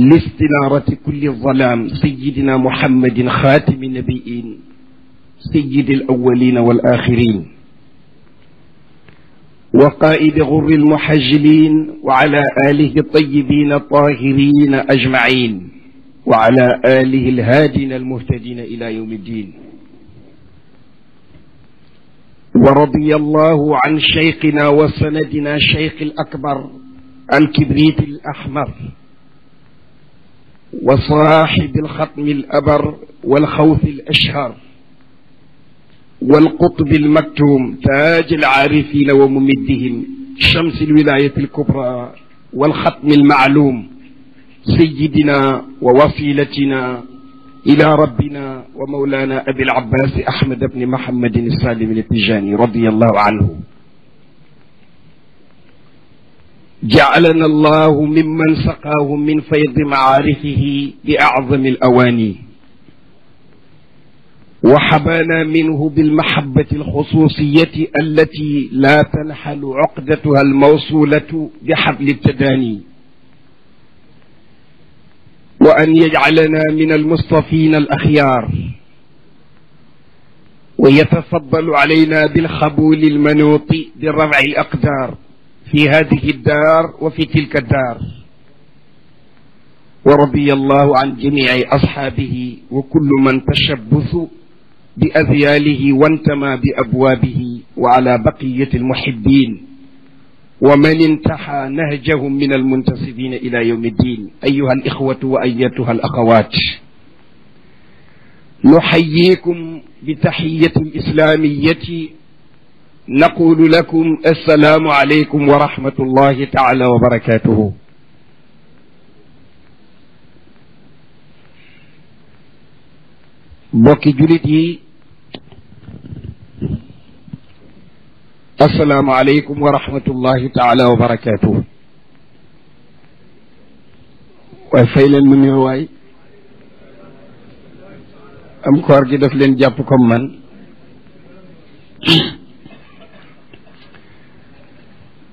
لاستنارة كل الظلام سيدنا محمد خاتم النبيين سيد الأولين والآخرين وقائد غر المحجلين وعلى آله الطيبين الطاهرين أجمعين وعلى آله الهادين المهتدين إلى يوم الدين ورضي الله عن شيخنا وسندنا شيخ الأكبر الكبريت الأحمر وصاحب الختم الأبر والخوث الأشهر والقطب المكتوم تاج العارفين وممدهم شمس الولاية الكبرى والختم المعلوم سيدنا ووسيلتنا إلى ربنا ومولانا أبي العباس أحمد بن محمد السالم التجاني رضي الله عنه جعلنا الله ممن سقاهم من فيض معارفه بأعظم الأواني وحبانا منه بالمحبة الخصوصية التي لا تنحل عقدتها الموصولة بحبل التداني وأن يجعلنا من المصطفين الأخيار ويتفضل علينا بالخبول المنوط برفع الأقدار في هذه الدار وفي تلك الدار ورضي الله عن جميع أصحابه وكل من تشبث بأذياله وانتمى بأبوابه وعلى بقية المحبين ومن انتحى نهجهم من المنتسبين إلى يوم الدين أيها الإخوة وأيتها الأخوات نحييكم بتحية الإسلامية نقول لكم السلام عليكم ورحمة الله تعالى وبركاته بوكي جلدي السلام عليكم ورحمة الله تعالى وبركاته وفيلا من يواي أم كوارجي دفلين جابكم كمان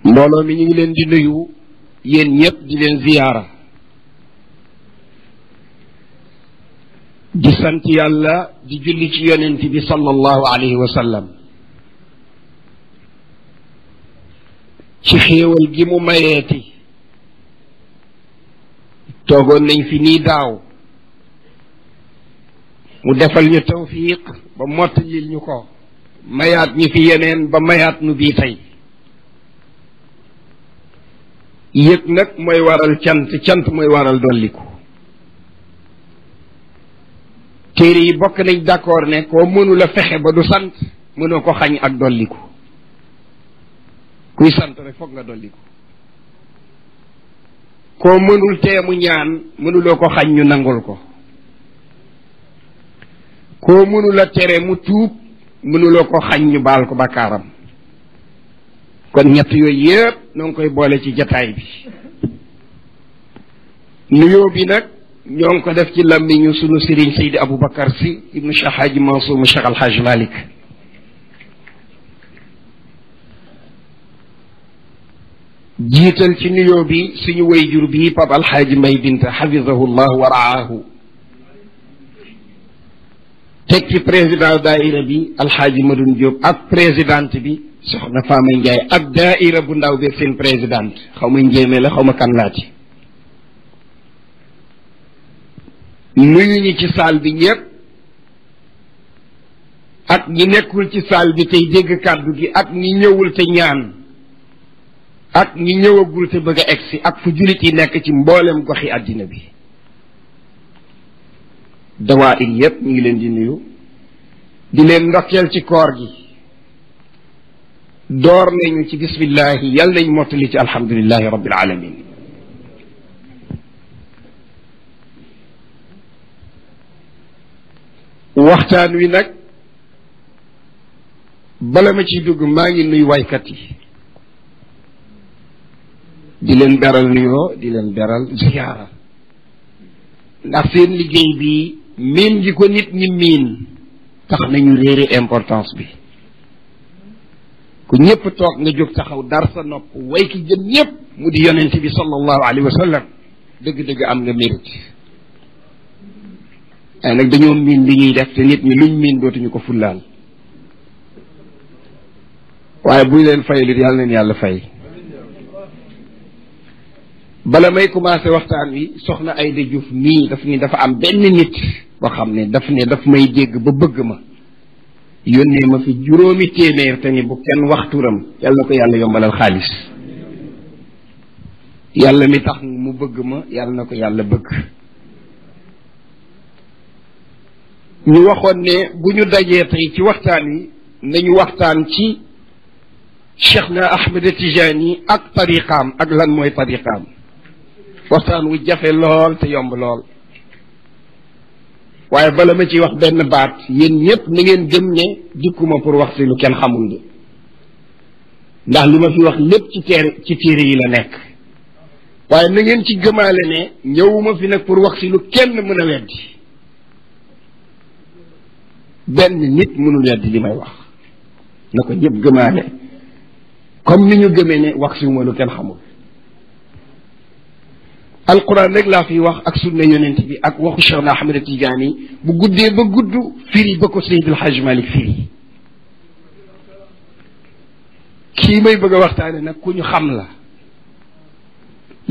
mbolo mi ñu ngi leen di nuyu yéen ñëpp di leen ziyaara di sant yàlla di julli ci yonent bi sallallahu alayhi wa sallam ci xéewal gi mu mayeeti toogoon nañ fi nii daaw mu defal ñu tawfiq ba mottalil ñu ko mayaat ñu fi yeneen ba mayaat nu bii tey yëg nag mooy waral cant cant mooy waral dolliku téere yi bokk nañ d'accord ne koo mënula fexe ba du sant mënoo ko xañ ak dolliku kuy sant rek foog nga dolliku koo mënul tee ñaan mënuloo ko xañ ñu nangul ko koo mënula tere mu tuub mënuloo ko xañ ñu baal ko bakkaaram kon ñett yooyu yëpp noo ngi koy boole ci jataay bi nuyoo bi nag ñoo ngi ko def ci làmmiñu sunu sëriñ Seydi Aboubacar Sy ibnu Cheikh Hadji Mansour mu Cheikh Alhaj Malick jiital ci nuyoo bi suñu wayjur bi Pape Alhaaji May Binta xafidahu llah wa raahu teg ci président daaira bi Alhaaji Madoun Diop ak présidente bi soxna Faama Ndiaye ak daaira bu ndaw bi seen président xaw ma njéeme la xaw ma kan laati nuyu ñi ci saal bi ñëpp ak ñi nekkul ci saal bi tey dégg kàddu gi ak ñi ñëwul te ñaan ak ñi ñëwagul te bëgg a si ak fu jullit yi nekk ci mboolem goxi àddina bi dawaa ir yëpp ñu ngi leen di nuyu di leen ndokkeel ci koor gi door nañu ci bismillahi yàlla nañ mottali ci alhamdulilahi rabbil alamin waxtaan wi nag bala ma ciy dugg maa ngi nuy waykat yi di leen beral nuyoo di leen beral ziyaara ndax seen liggéey bi miin gi ko nit ñi miin tax nañu réere importance bi ku ñëpp toog nga jóg taxaw dar sa nopp way ki gën ñëpp mu di yonent bi sallallahu alayhi wa sallam dëgg-dëgg am nga mérite waaye nag dañoo miin li ñuy def te nit ñi luñ miin dootuñu ko fullaal waaye buñ leen fay fayalit yàlla leen yàlla fay bala may commencé waxtaan wi soxna ay Diouf mii daf ni dafa am benn nit boo xam ne daf ne may dégg ba bëgg ma yónnee ma fi juróomi téeméer te ni bu kenn waxturam yàlla na ko yàlla al xaalis yàlla mi tax mu bëgg ma yàlla na ko yàlla bëgg ñu waxoon ne bu ñu dajee tey ci waxtaan wi nañu waxtaan ci cheikh na ahmed tijaani ak tariqaam ak lan mooy tariqaam waxtaan wu jafe lool te yomb lool waaye bala ma ciy wax benn baat yéen ñépp na ngeen gëm ne dikkuma pour wax fi lu kenn xamul bi ndax li ma fi wax lépp ci teer ci téere yi la nekk waaye na ngeen ci gëmaale ne ñëwuma fi nag pour wax si lu kenn mën a weddi benn nit mënul weddi li may wax na ko ñëpp gëmaale comme ni ñu gëmee ne wax fi ma lu kenn xamul alquran rek laa fiy wax ak sunna yonent bi ak waxu cheikh na ahmad tidiane bu guddee ba gudd firi ba ko seydil haj malik firi kii may bëgg a waxtaane nag ku ñu xam la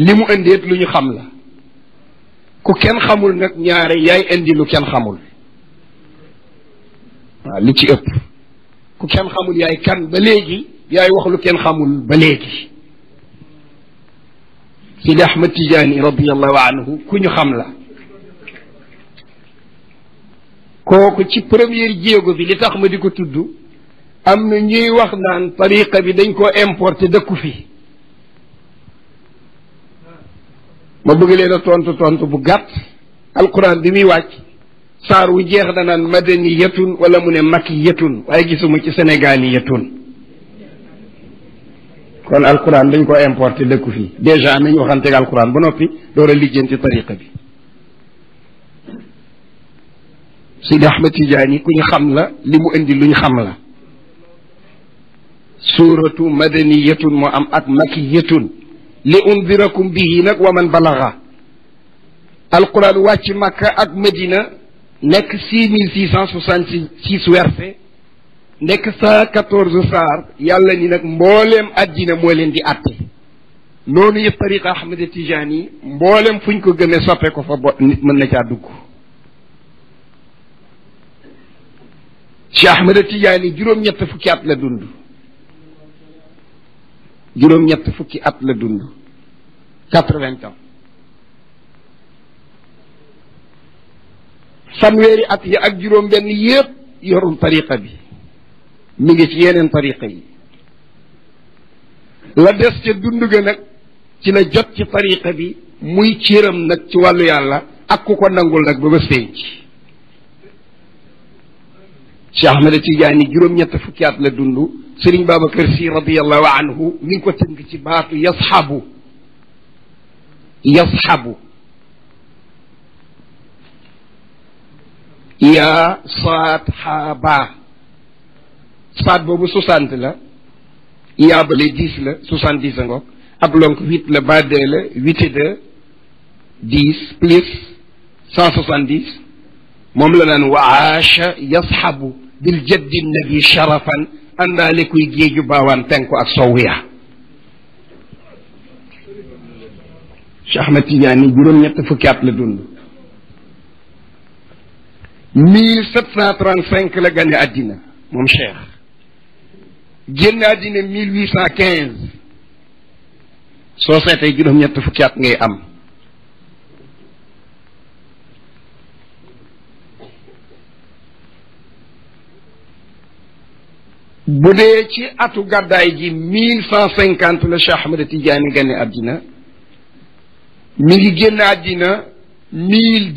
li mu indeet lu ñu xam la ku kenn xamul nag ñaare yaay indi lu kenn xamul waaw li ci ëpp ku kenn xamul yaay kan ba léegi yaay wax lu kenn xamul ba léegi Sidi Ahmad Tijaani radiallahu anhu ku ñu xam la kooku ci première jéego bi li tax ma di ko tuddu am na ñuy wax naan tariqa bi dañ koo importé dëkku fi ma bëgg leen a tontu tontu bu gàtt alquran bi muy wàcc saar wu jeex da naan madaniyatun wala mu ne makiyatun waaye gisuma ci sénégaliyatun kon alquran dañ ko importer dëkk fii dèjà nañ waxanteeg alquran ba noppi door a lijjanti tariqa bi sidi ahmad tijaani ku ñu xam la li mu indi lu ñu xam la suratu madaniyatun mu am ak makiyatun li undirakum bihi nag wa man balaga alquran wàcc makka ak madina nekk six mille six cent soixante six verset nekk sa quatorze saar yàlla ni nag mbooleem àddina moo leen di àtte noonu yëpp tariqa ahmada tijaan yi mbooleem fu ñu ko gënee soppe ko fa bo nit mën na caa dugg cheikh ahmada tijaan yi juróom-ñett fukki at la dund juróom-ñett fukki at la dund quatre-vingts ans fanweeri at yi ak juróom benn yëpp yorul tariqa bi mi ngi ci yeneen tariqa yi la des ca dund ga nag ci la jot ci tariqa bi muy cëram nag ci wàllu yàlla ak ku ko nangul nag ba ba sénc Cheikh Ahmed Tidiane juróom-ñett fukki at la dund Serigne Babacar Sy radiyallahu anhu mi ngi ci baatu yasxabu saat xaabaa faat boobu soixante la ñaabale dix la soixante dix a ngoog ab lonk huit la baadee la huit plus cent soixante dix moom la naan wa aasha yasxabu bil jaddi nabi sharafan àndaale kuy géeju baawaan penku ak sow ya Cheikh Ahmed Tidiane juróom-ñett fukki at la dund mille sept cent trente cinq la gane àddina moom Cheikh génn àddina mille huit cent quinze soo seetee juróom-ñett fukki at ngay am bu dee ci atu gàddaay gi mille cent cinquante la Cheikh Ahmed Tidiane gane àddina mi ngi génn àddina mille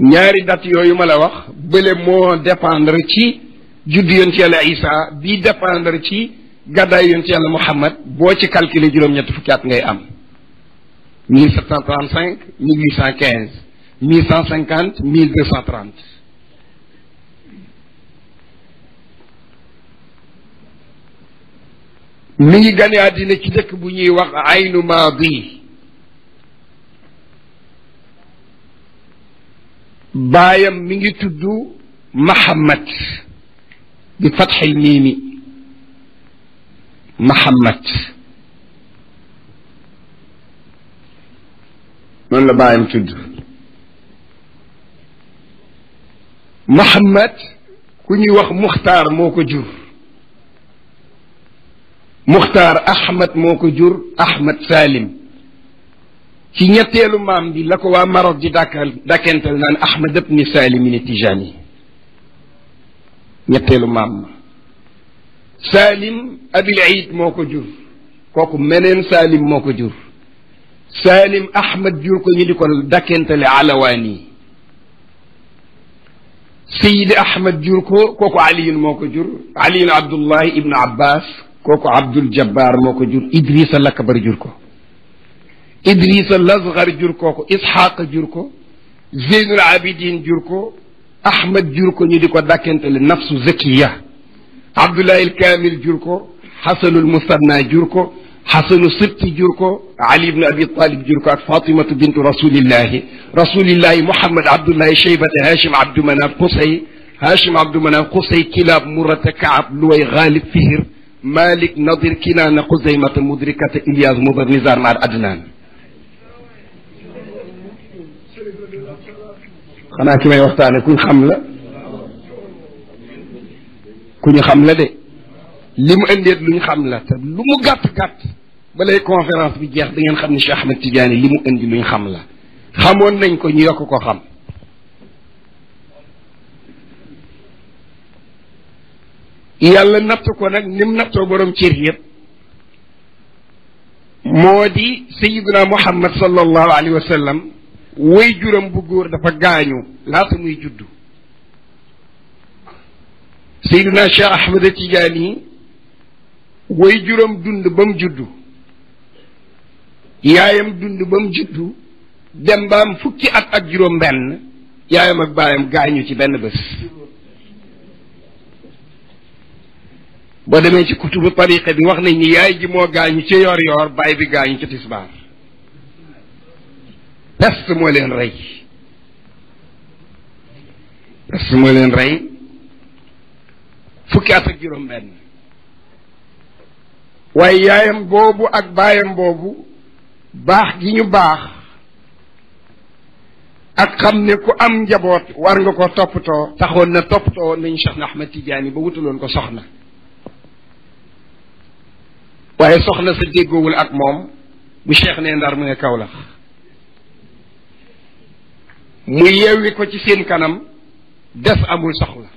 ñaari date yooyu ma la wax bële moo dépendre ci juddu yonent yàlla Isa bi dépendre ci gàddaay yonent yàlla Muhammad boo ci calculer juróom-ñett fukki at ngay am mille sept cent trente cinq mille huit cent quinze mille cent mi ngi gane àddina ci dëkk bu ñuy wax aynu maadi بايم ميغي تودو محمد بفتح الميم محمد من لا بايم تدو محمد كني واخ مختار موكو جور مختار احمد موكو جور احمد سالم ci ñettelu mam bi lako wa waa Maroc di dakal dàkkental nan ahmed ibn Salim ni Tijani ñettelu mam Salim Abil Aïd moko jur koku menen Salim moko jur Salim ahmed jur ko ñu di ko dàkkentale Alawaani Sayid Ahmad jur ko kooku Aliyun moo ko jur Aliyun Abdullahi Ibn Abbas kooku Abdul Jabbar moo ko jur جوركو ادريس الازغر جركو اسحاق جركو زين العابدين جركو احمد جركو ني ديكو داكنت النفس زكيه عبد الله الكامل جركو حسن المثنى جركو حسن السبت جركو علي بن ابي طالب جركو فاطمه بنت رسول الله رسول الله محمد عبد الله شيبة هاشم عبد مناف قصي هاشم عبد مناف قصي كلاب مرة كعب لوي غالب فهر مالك نظر كنانة قزيمة مدركة إلياس مبر نزار مع أدنان xanaa ki may waxtaane kuñ xam la ku ñu xam la de li mu indeet luñ xam la te lu mu gàtt gàtt balay conférence bi jeex da ngeen xam ni Cheikh Ahmed Tidiane li mu indi luñ xam la xamoon nañ ko ñu yokk ko xam yàlla natt ko nag nim nattoo borom cër yëpp moo di sayiduna muhammad sallallahu alayhi wa sallam way juram bu góor dafa gaañu laata muy juddu Seydina Cheikh Ahmed Tidiane way juram dund ba mu juddu yaayam dund ba mu juddu dem ba am fukki at ak juróom benn yaayam ak baayam gaañu ci benn bés boo demee ci kutubu tariqa bi wax nañ ni yaay ji moo gaañu ci yoor yoor baay bi gaañu ci tisbaar pest moo leen rey pest moo leen rey fukki at ak juróom benn waaye yaayam boobu ak baayam boobu baax gi ñu baax ak xam ne ku am njaboot war nga ko toppatoo taxoon na toppatoo nañ Cheikh na Ahmed Tidiane ba wutaloon ko soxna waaye soxna sa déggoowul ak moom bu Cheikh ne ndar mu ne Kaolack mu yewwi ko ci seen kanam des amul soxla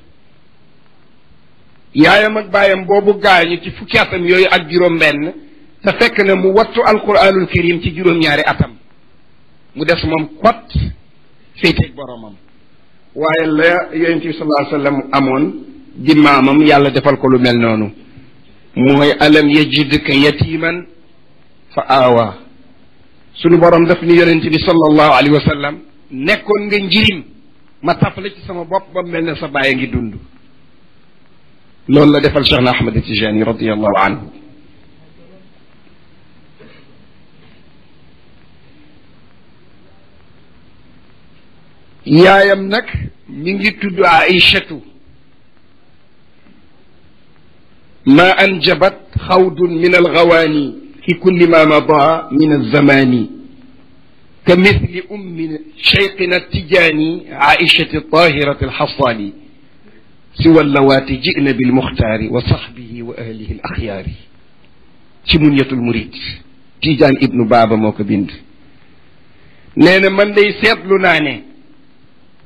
yaayam ak baayam boobu gaañu ci fukki atam yooyu ak juróom benn te fekk na mu wattu alquranul karim ci juróom-ñaari atam mu des moom kot féeteeg boromam waaye la yonente bi sallallahu alayhi amoon di maamam yàlla defal ko lu mel noonu mooy alam yajidka yatiman fa aawa sunu borom daf ni yonente bi sallallahu alayhi nekkoon nga njirim ma taf ci sama bopp ba mel ne sa baye ngi dund loolu la defal Cheikh na Ahmad Tijani radiallahu anhu yaayam nag mi ngi tudd Aïchatu ma anjabat xawdun min algawaani fi kulli ma madaa min alzamaani كمثل أم شيقنا التجاني عائشة الطاهرة الحصاني سوى اللواتي جئنا بالمختار وصحبه وأهله الأخيار تمنية المريد تيجان ابن بابا موك بند نانا من دي سيب ناني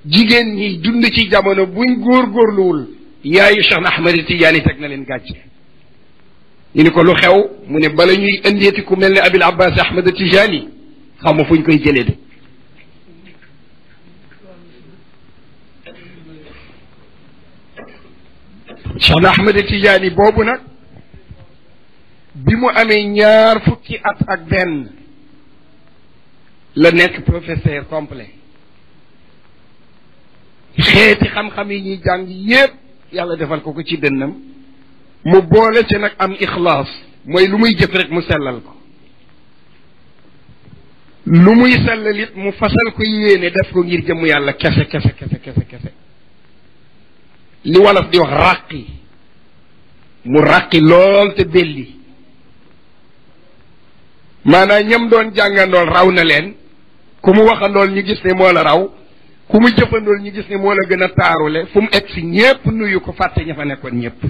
جيجان ني دند تي جامونو بوين غور غور لول يا يشان احمد التجاني تك نالين ينكو لخيو من لو خew mu ne bala العباس أحمد ku xaw fuñ koy jëlee de Cheikh Ahmed Tidiane boobu nag bi mu amee ñaar fukki at ak benn la nekk professeur complet xeeti xam-xam yi ñuy jàng yépp yàlla defal ko ko ci dënnam mu boole ci nag am ixlaas mooy lu muy jëf rek mu sellal ko lu muy sellal mu fasal ko yéene def ko ngir jëmm yàlla kese kese kese kese kese li wolof di wax ràqi mu ràqi lool te belli maanaam ñam doon jàngandool raw na leen ku mu waxandool ñu gis ne moo la raw ku mu jëfandool ñu gis ne moo la gën a taarule fu mu egg si ñépp nuyu ko fàtte ñu fa nekkoon ñépp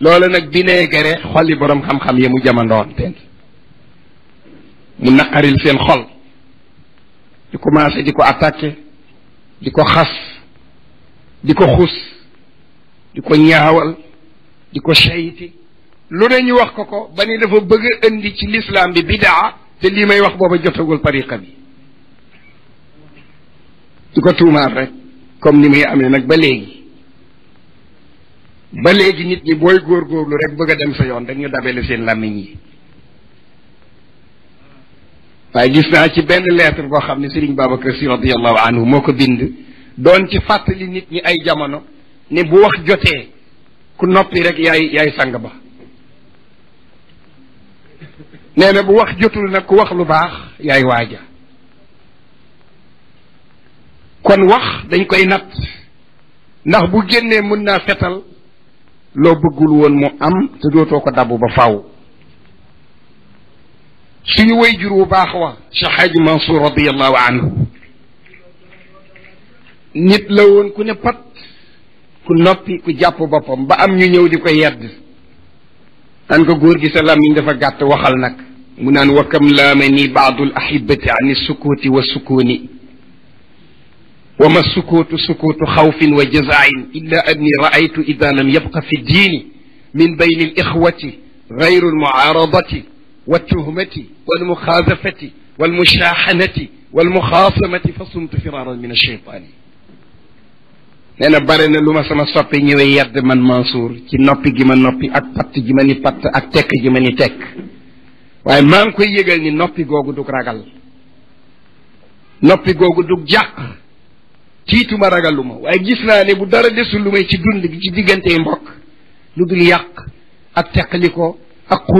loolu nag bineegare xolli boroom xam-xam yi mu jamandoon teen mu naqaril seen xol ñu commencé di ko attaqué di ko xas di ko xus di ko ñaawal di ko sayti lu ne ñu wax ko ko ba ni dafa bëgg a indi ci lislaam bi bidaa te lii may wax booba jotagul tariqa bi di ko tuumaal rek comme ni muy amee nag ba léegi ba léegi nit ñi booy góor góorgóorlu rek bëgg a dem sa yoon rek ñu dabale seen làmmiñ yi waaye gis naa ci benn lettre boo xam ne Serigne Babacar Sy radiyallahu anhu moo ko bind doon ci fàttali nit ñi ay jamono ne bu wax jotee ku noppi rek yaay yaay sang ba nee bu wax jotul nag ku wax lu baax yaay waaja kon wax dañ koy natt ndax bu génnee mën naa fetal loo bëggul woon mu am te dootoo ko dabbu ba faw شنو ويجرو باخوا شحاج منصور رضي الله عنه نيت لوون كوني بات كو نوبي كو جابو بوبام با ام ني نيو ديكو يد ان كو غور جي سلام ني دافا غات واخال نك مونان وكم لا مني بعض الاحبه عن السكوت والسكون وما السكوت سكوت خوف وجزع الا اني رايت اذا لم يبق في الدين من بين الاخوه غير المعارضه والتهمة والمخاذفة والمشاحنة والمخاصمة فصمت فرارا من الشيطان أنا بارنا لما سما سوبي نيو يرد من منصور كي نوبي جي من نوبي اك بات جي من بات اك تك واي مان كو ييغال ني غوغو دوك راغال نوبي غوغو دوك جاك تيتو ما راغالوما واي جيسنا ني بو دارا ديسول لومي سي دوند جي ديغنتي مبوك لودول ليكو اك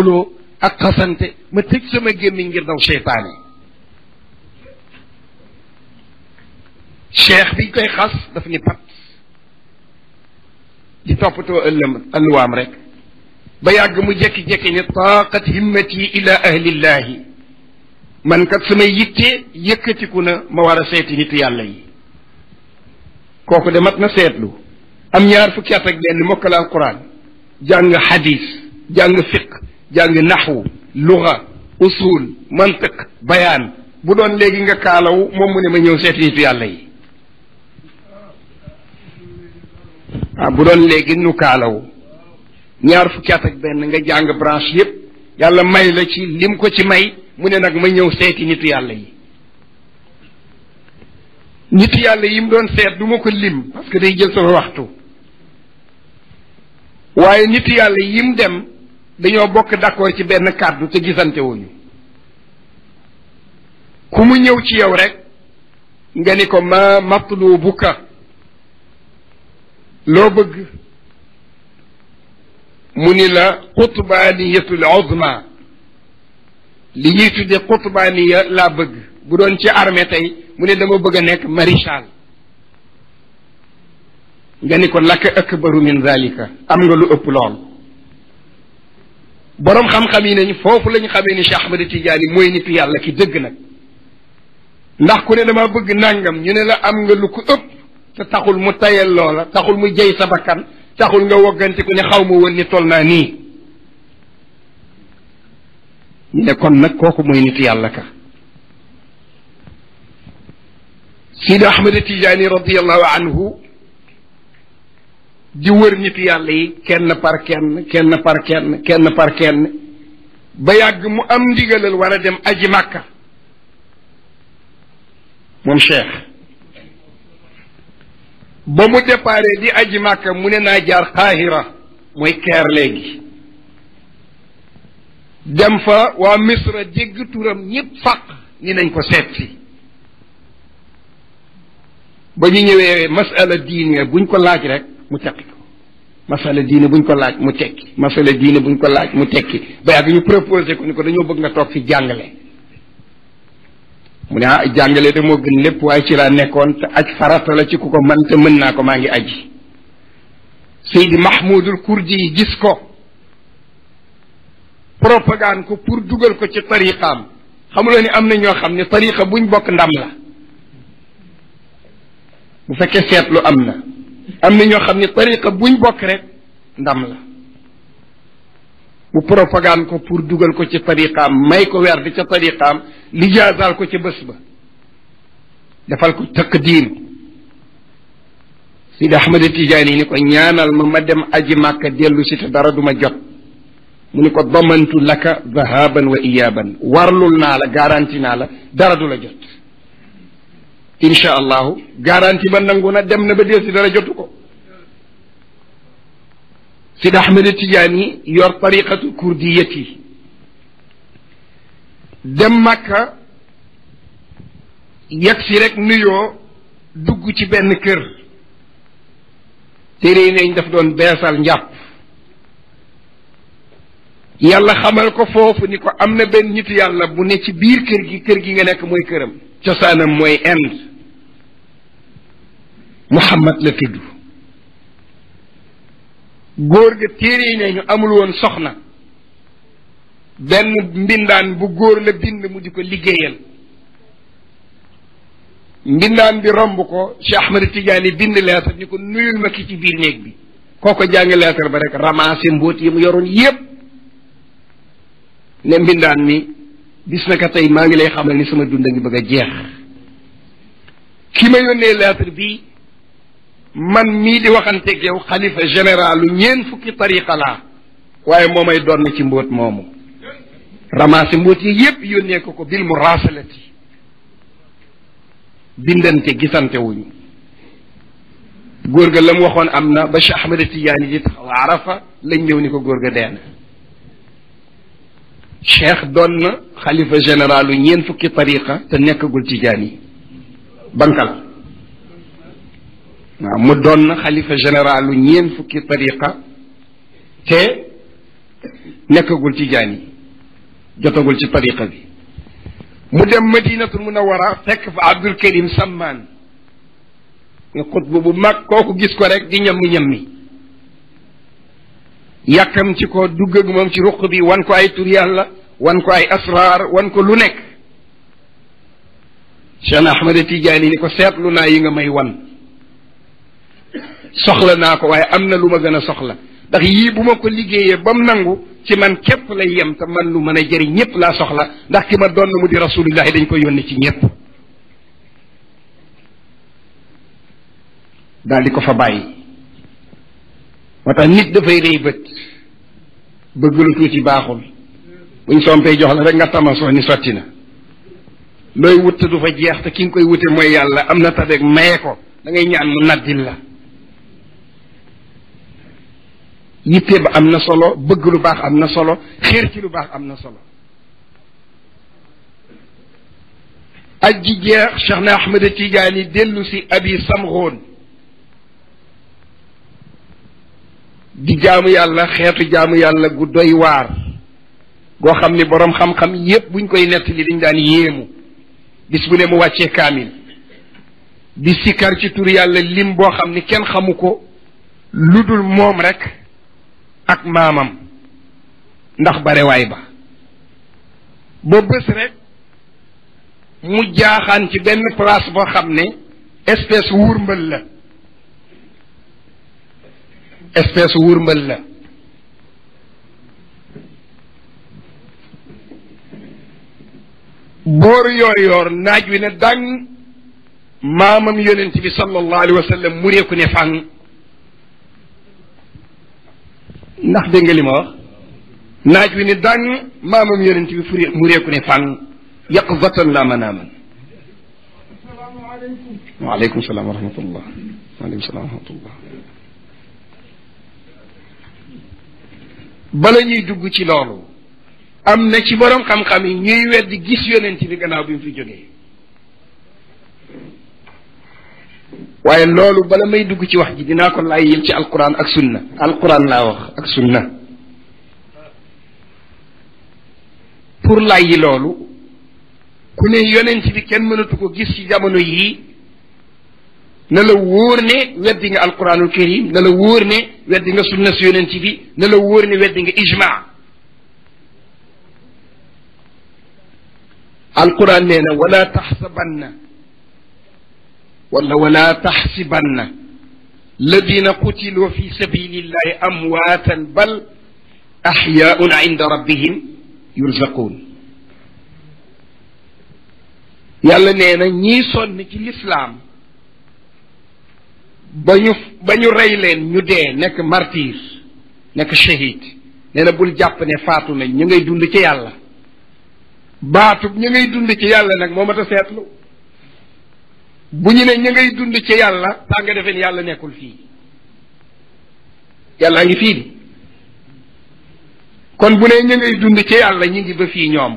ak xasante ma tëj sama gémmiñ ngir daw cheytaane cheikh biñ koy xas daf ni pat di toppatoo ëllëm alluwaam rek ba yàgg mu jekki-jekki ni taaqat himmati ila ahlillahi man kat samay yittee yëkkatiku na ma war a seeti nitu yàlla yi kooku de mat na seetlu am ñaar fukki at ak benn mokkal alquran jàng hadis jàng fiq jàng naxwu luga usul mantiq bayaan bu doon léegi nga kaalawu moom mu ne ma ñëw seet nitu yàlla yi ah bu doon léegi nu kaalawu ñaar fukki at ak benn nga jàng branche yépp yàlla may la ci lim ko ci may mu ne nag ma ñëw seeti nitu yàlla yi nitu yàlla yi mu doon seet du ma ko lim parce que day jël sama waxtu waaye nitu yàlla yi mu dem dañoo bokk d'accord ci benn kàddu te gisante wuñu ku mu ñëw ci yow rekk nga ni ko ma matlubuka loo bëgg mu ni la xutbaaniyatul uzma li ñuy tudde xutbaaniya laa bëgg bu doon ci armée tey mu ne dama bëgg a nekk maréchal nga ni ko lakk akbaru min zalika am nga lu ëpp lool boroom xam-xam yi nañu foofu lañu lañ xamee ni Cheikh Ahmed Tidiane mooy nitu yàlla ki dëgg nag ndax ku ne dama bëgg nangam ñu ne la am nga lu ko ëpp te taxul mu tayal loola taxul mu jey sa taxul nga woggante ku ne xaw woon ni tol naa nii ñu ne kon nag kooku mooy nitu yàlla ka Sidi Ahmed Tidiane radiallahu anhu di wër nit yàlla yi kenn par kenn kenn par kenn kenn par kenn ba yàgg mu am ndigalal war a dem aji màkka moom cheikh ba mu déparé di aji màkka mu ne naa jaar xaahira mooy keer léegi dem fa waa misra jégg turam ñëpp fàq ni nañ ko seet si ba ñu ñëwee masala diine buñ ko laaj rek mu tekki ko masala diine buñ ko laaj mu tekki masala diine buñ ko laaj mu tekki ba yàgg ñu proposé ko ni ko dañoo bëgg nga toog fi jàngale mu ne ah jàngale de moo gën lépp waaye ci laa nekkoon te aj farata la ci ku ko mën te mën naa ko maa ngi aji Seydi Mahmoudul Kurdi yi gis ko propagande ko pour dugal ko ci tariqaam xamuloo ni am na ñoo xam ne tariqa buñ bokk ndam la bu fekkee seetlu am na am na ñoo xam ni tariqa buñ bokk rek ndam la bu propagande ko pour dugal ko ci tariqaam may ko weer di ca tariqaam lijaasaal ko ci bés ba defal ko tëkk diin Sidi Ahmad Tijaani yi ni ko ñaanal ma ma dem aji màkka dellu si te dara jot mu ni ko damantu laka zahaban wa iyaaban warlul garanti naa la dara la jot incha allahu garanti ba nangu na dem na ba del si dara jotu ko Sidi Ahmed Tidiane yi yor tariqatu kurdiyat dem Makka yegg si rek nuyoo dugg ci benn kër téere yi nañ daf doon beesal njàpp yàlla xamal ko foofu ni ko am na benn nit yàlla bu ne ci biir kër gi kër gi nga nekk mooy këram cosaanam mooy Inde Muhammad la tudd góor ga téere yi ne ñu amul woon soxna benn mbindaan bu góor la bind mu di ko liggéeyal mbindaan bi romb ko Cheikh Ahmed Tidiane bind leetar ni ko nuyul ma ki ci biir néeg bi ko ko jàng leetar ba rek ramassé mbóot yi mu yoroon yépp ne mbindaan mi bis naka tey maa ngi lay xamal ni sama dund a ngi bëgg a jeex ki ma yónnee lettre bi man mii di waxanteeg yow xalifa généralu ñeen fukki tariqa laa waaye moo may doon ci mbóot moomu ramassé mbóot yi yépp yónnee ko ko bil mu raasalati bindante gisante wuñu góor gi la mu waxoon am na ba Cheikh Ahmed Tidiane di taxaw arafa lañ ñëw ni ko góor ga dee cheikh doon na xalifa généralu ñeen fukki tariqa te nekkagul tijaan yi bankal waaw mu doon na xalifa généralu ñeen fukki tariqa te nekkagul tijaan yi jotagul ci tariqa bi mu dem madinatul munawara fekk fa abdul karim sammaan nga xutbu bu mag kooku gis ko rek di ñammi ñammi yàkkam ci ko dugg ak moom ci ruq bi wan ko ay tur yàlla wan ko ay asraar wan ko lu nekk Cheikh Ahmed Tidiane ni ko seetlu naa yi nga may wan soxla naa ko waaye am na lu ma gën a soxla ndax yii bu ma ko liggéeyee ba mu nangu ci man képp lay yem te man lu mën a jëriñ ñëpp laa soxla ndax ki ma doon mu di rasulillahi dañ ko yónnee ci ñëpp daal di ko fa bàyyi moo tax nit dafay rëy bët bëgg lu tuuti baaxul buñ sompee jox la rek nga tamasoo ni sotti na looy wut du fa jeex te ki koy wute mooy yàlla am na tabeeg maye ko dangay ñaan mu naddil la yitte ba am na solo bëgg lu baax am na solo xéer ci lu baax am na solo aj ji jeex Cheikh na Ahmed Tidiane dellu si abi samxoon di jaamu yàlla xeetu jaamu yàlla gu doy waar goo xam ni boroom xam-xam yépp buñ koy nettali dañ daan yéemu bis bu ne mu wàccee kaamil di sikkar ci tur yàlla lim boo xam ni kenn xamu ko lu dul moom rekk ak maamam ndax barewaay ba ba bés rekk mu jaaxaan ci benn place boo xam ne espèce wuur mbël la espèce wurmbal la booru yoor yoor naaj wi ne dang maamam yonent bi sallallahu alayhi wa sallam mu reeku ne fang ndax dégg nga li ma wax naaj wi ne dang maamam yonent bi fure mu reeku ne fang yaqzatan la manaaman waaleykum salaam wa rahmatullah waaleykum salaam wa rahmatullah bala ñuy dugg ci loolu am na ci boroom xam-xam yi ñuy weddi gis yonent bi gannaaw bi mu fi jógee waaye loolu bala may dugg ci wax ji dinaa ko laay yil ci alquran ak sunna alquran laa wax ak sunna pour laay yi loolu ku ne yonent bi kenn mënatu ko gis ci jamono yii نلا وورني القران الكريم نلا وورني ويدينغ سنه سيونتي بي نلا وورني ويدينغ القران ولا تحسبن ولا تحسبن الذين قتلوا في سبيل الله امواتا بل احياء عند ربهم يرزقون يلا نينا ني سون الاسلام ba ñu ba ñu rey leen ñu dee nekk martyr nekk shahid nee na bul jàpp ne faatu nañ ñu ngay dund ci yàlla baatu ñu ngay dund ci yàlla nag moo mat a seetlu bu ñu ne ñu ngay dund ci yàlla daa nga defeen yàlla nekkul fii yàllaa ngi fii di kon bu ne ñu ngay dund ci yàlla ñu ngi ba fii ñoom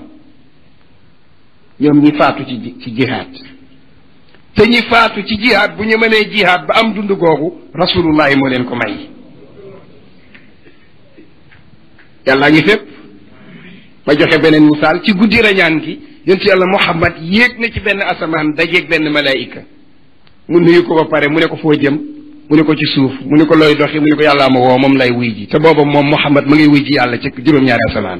ñoom ñi faatu ci ci jihaat te faatu ci jihaad bu ñu mënee jihaad ba am dund googu rasulullahi moo leen ko may yàllaa ngi fépp ma joxe beneen misaal ci guddi rañaan gi yonent yàlla muhammad yéeg na ci benn asamaan dajeeg benn malaayika mu nuyu ko ba pare mu ne ko foo jëm mu ne ko ci suuf mu ne ko looy doxi mu ne ko yàllaa ma woo moom lay wuy ji te booba moom muhammad ma ngay wuy ji yàlla ci juróom-ñaari asamaan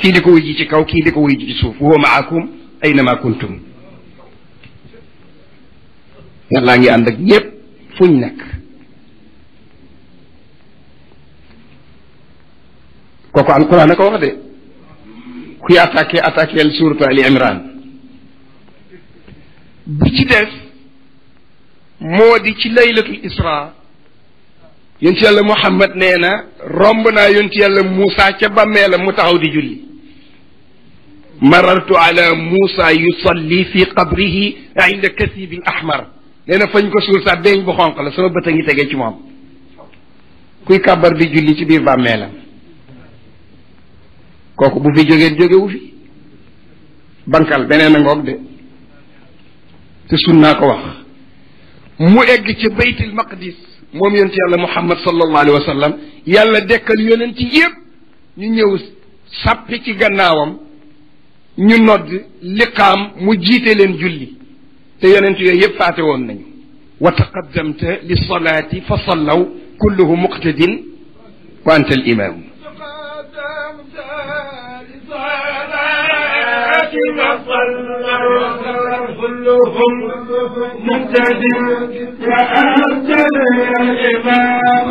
kii di ko wuy ji ci kaw kii di ko wuy ji ci suuf huwa maakum aynama yàllaa ngi ànd ak ñépp fuñ nekk kooku alquran a ko wax de kuy attaqué attaqueel suratu ali imran bi ci des moo di ci laylatul isra yonent yàlla muhammad nee na romb naa yonent yàlla muusa ca bàmmeelam mu taxaw di julli مررت على موسى يصلي في قبره عند كثيب أحمر nee na fañ ko suul sax deeñ bu xonq la sama bët a ngi tegee ci moom kuy kàbbar di julli ci biir bàmmeelam kooku bu fi jógee jógewu fi bankal beneen a ngoog de te sun naa ko wax mu egg ca baytil maqdis moom yonent yàlla muhammad sallallahu alayhi wa sallam yàlla dekkal yonent yépp ñu ñëw sàppi ci gannaawam ñu nodd liqaam mu jiite leen julli تيانين تيا يبعت ومني وتقدمت للصلاة فصلوا كلهم مقتد وأنت الإمام فصلوا كلهم مقتد وأنت الإمام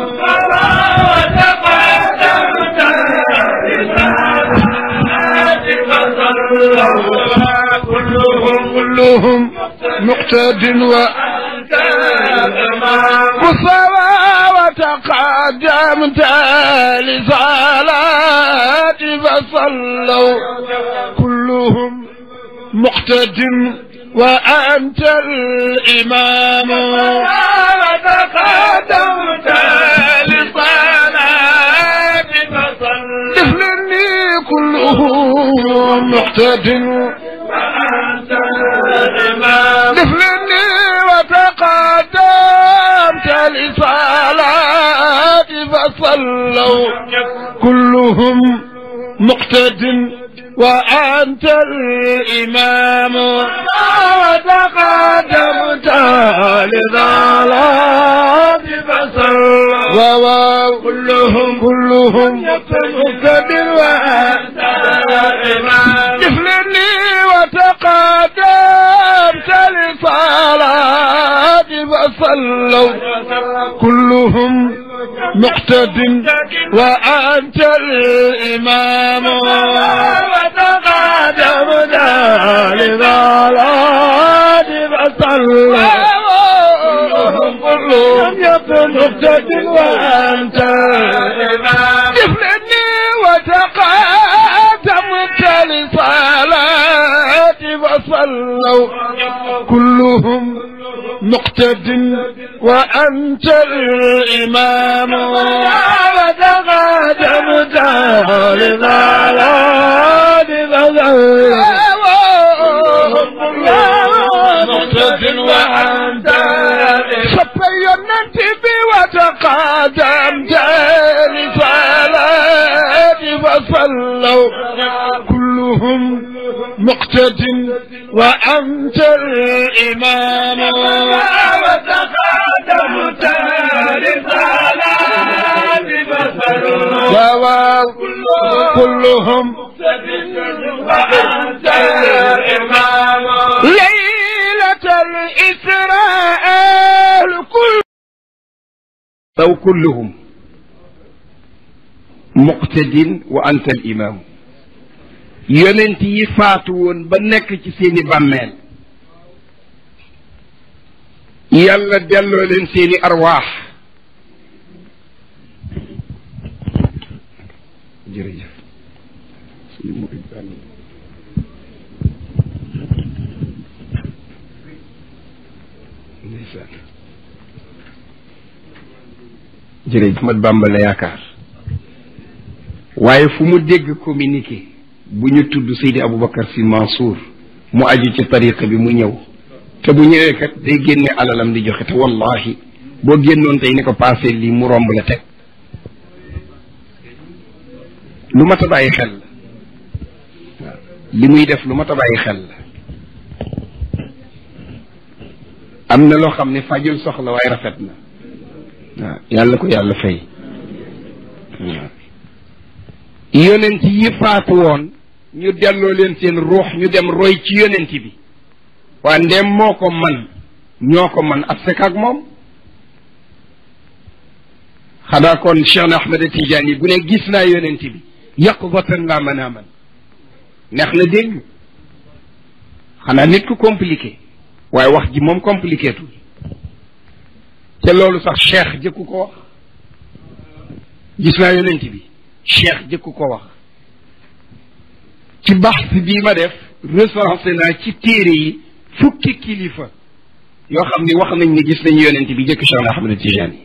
كلهم كلهم مقتد وأنت مصطفى وتقدمت لصلاة فصلوا كلهم مقتد وأنت الإمام وتقدمت لصلاة مقتدن وأنت الإمام مثلني وتقدمت لصلاة فصلوا كلهم مقتد وأنت الإمام وتقدمت لظلام فصل ووا كلهم كلهم يقتلك وأنت الإمام مثلني وتقدمت لصلاة فصلوا كلهم مقتد وأنت الإمام وتقدمنا للغلاد فصلى كلهم كلهم يبدو مقتد وأنت الإمام افلتني وتقدمت لصلاة فصلوا كلهم مقتد وأنت الإمام وتقدمت لذا لا لذا مقتد وأنت سبينت فصلوا كلهم مقتد وأنت الإمام وتقدمت للصلاة بصر كلهم وأنت الإمام ليلة الإسراء كل أو كلهم مقتد وأنت الإمام yonent yi faatu woon ba nekk ci seeni bàmmeel yàlla delloo leen seeni arwaax jërëjëf jërëjëf mat bàmba la yaakaar waaye fu mu dégg communiqué bu ñu tudd Seydi Aboubacar si Mansour mu aju ci tariqa bi mu ñëw te bu ñëwee ka day génne alalam di joxe te wallahi boo génnoon tey ni ko passé lii mu romb la teg lu mat a bàyyi xel la li muy def lu mat a bàyyi xel la am na loo xam ne fajul soxla waaye rafet na yàlla ko yàlla fay yonent yi faatu woon ñu delloo leen seen ruux ñu dem roy ci yonent bi waa ndem moo ko man ñoo ko man ab sek ak moom xanaa kon Cheikh na Ahmed Tidiane yi bu ne gis naa yonent bi yàqu batan laa mën a man neex na dégg xanaa nit ku compliqué waaye wax ji moom compliqué tu te loolu sax cheikh jëkku ko wax gis naa yonent bi cheikh jëkku ko wax ci baxs bii ma def recensé naa ci téere yi fukki kilifa yoo xam ni wax nañ ne gis nañu yonent bi jëkk Cheikh Ahmed Tijani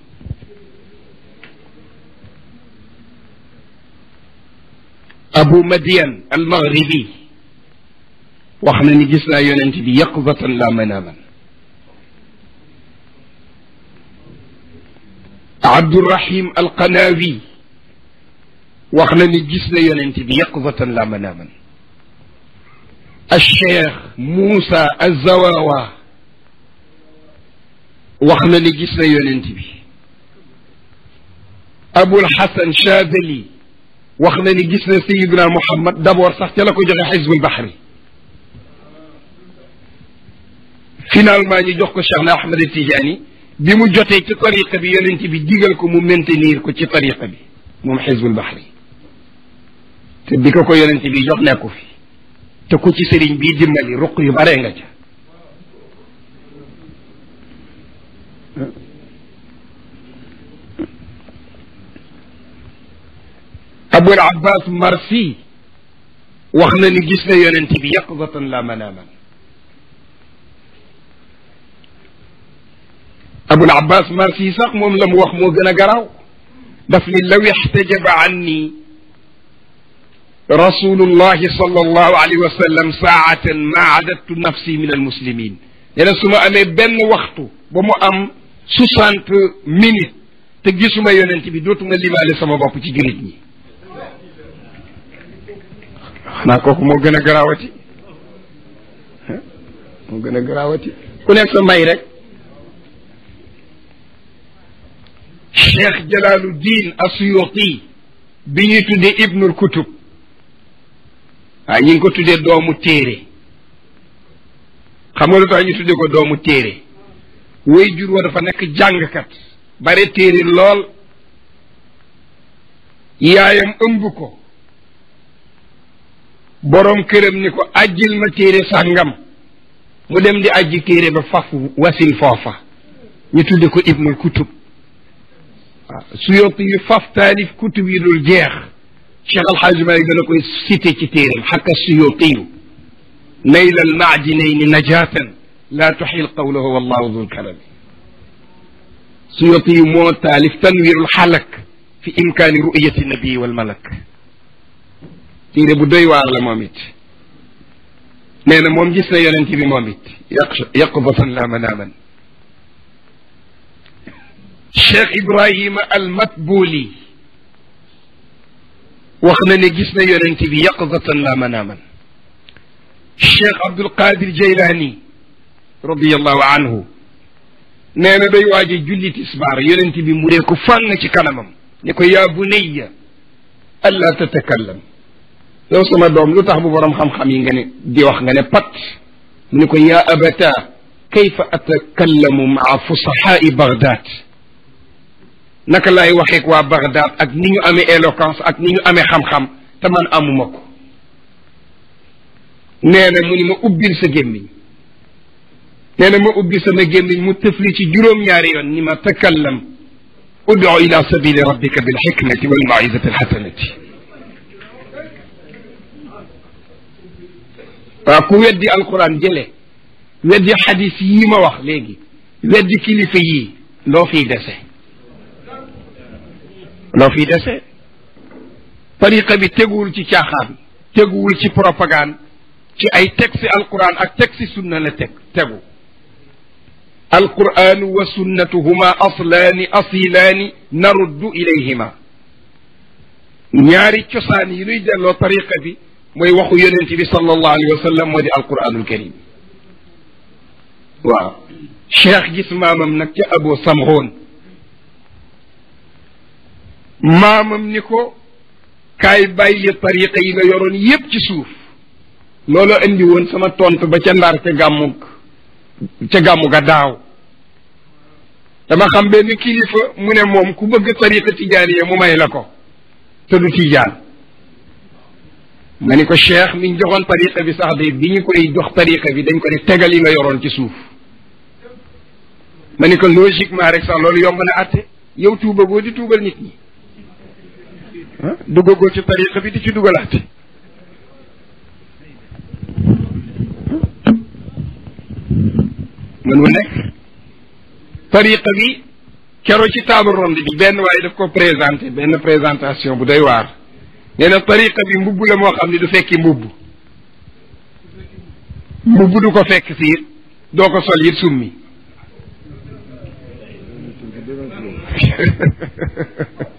abu madian al maghribi wax na ni gis naa yonent bi yaqzatan la manaman abdurrahim al qanawi wax na ni gis na yonent bi yaqzatan la manaman الشيخ موسى الزواوا وخنا لي جسنا يوننتي بي ابو الحسن شاذلي وخنا لي جسنا سيدنا محمد دابور صح تلاكو جوخي حزب البحر finalement ñu jox ko cheikh na ahmed tidiane bi mu jotee ci tariqa bi yonent bi digal ko mu maintenir ko ci tariqa bi moom xizbul bahri te bi ko ko yonent bi jox nekku fi te ku ci sëriñ dimbali ruq yu bare nga ca أبو العباس مرسي وخنا نجسنا يوننتي بيقظة لا مناما أبو العباس مرسي ساق موم لم وخ بفل غنا غراو لو يحتجب عني رسول الله صلى الله عليه وسلم ساعة ما عددت نفسي من المسلمين يعني سما أمي بن وقت بمو أم سوسانت مني تجي سما يوننتي بي دوتو ملي مالي سما بابو تي جريت ني أنا كوكو مو جنة جراواتي مو جنة جراواتي كونيك سما يرك شيخ جلال الدين السيوطي بنيتو دي ابن الكتب waa ñu ngi ko tuddee doomu téere xam nga lu ñu tuddee ko doomu téere way jur wa dafa nekk jàngkat bare téere lool yaayam ëmb ko boroom këram ni ko ajjil ma téere sàngam mu dem di ajji téere ba faf wasin foofa ñu tudde ko ibnul kutub waaw su yott yu faf taalif kutub yi dul jeex شيخ الحاج ما يقول لك ستي كتير حق السيوطي نيل المعدنين نجاة لا تحيل قوله والله ذو الكرم سيوطي موتى تالف تنوير الحلك في إمكان رؤية النبي والملك téere bu وعلى waar la moom جسنا nee na يقظة لا مناما yonent إبراهيم المتبولي وخمن جسنا يرنتي في يقظة لا مناما الشيخ عبد القادر جيلاني رضي الله عنه نعم بي واجه جلي تسبار يرنتي بمريك فان كلامم نكو يا بني ألا تتكلم لو سمع دوم لو تحبو برام خم خمين غني دي وخ غني نكو يا أبتا كيف أتكلم مع فصحاء بغداد naka laay waxeek waa Bagdad ak niñu amé éloquence ak niñu amé xam-xam te man amumako néna nee mu ni ma ubbil sa gémmiñ néna ma ubbi sa gémmiñ mu tëfli ci juróom-ñaari yon ni ma takallam udu ila sabil rabbika bil hikmati wal maizati al xasanati waaw ku weddi alquran jële weddi hadith yi ma wax legi weddi kilifa yi lo fi dessé لو في دسة طريقة بي بتقول تي تاخان تقول تي بروباغان تي أي تكسي القرآن أك تكسي سنة لتك تبو القرآن وسنتهما أصلاني أصيلان نرد إليهما نياري تشساني يريد لو طريقة بي موي وخو يونتي بي صلى الله عليه وسلم مودي القران الكريم واو شيخ جسمامم نك ابو سمعون maamam ni ko kaay bàyyi tariqa yi nga yoroon yépp ci suuf loolu indi woon sama tont ba ca ndar ca gàmmu ca gàmmu ga daaw dama xam benn kilifa mu ne moom ku bëgg tariqa tijaaniya mu may la ko te du tijaan ma ni ko cheikh mi ñu joxoon tariqa bi sax de bi ñu koy jox tariqa bi dañ ko ne tegal yi nga yoroon ci suuf ma ni ko logiquement rek sax loolu yomb na atte yow tuuba boo di tuubal nit ñi dugo go chi pa pitit kidu go la par kero chi morondi ben wa ko prezante ben na prezantasyon bu da war y na pareit ka m bubulewok kam li do se ki bubu bubu ko fèk si donk so li summi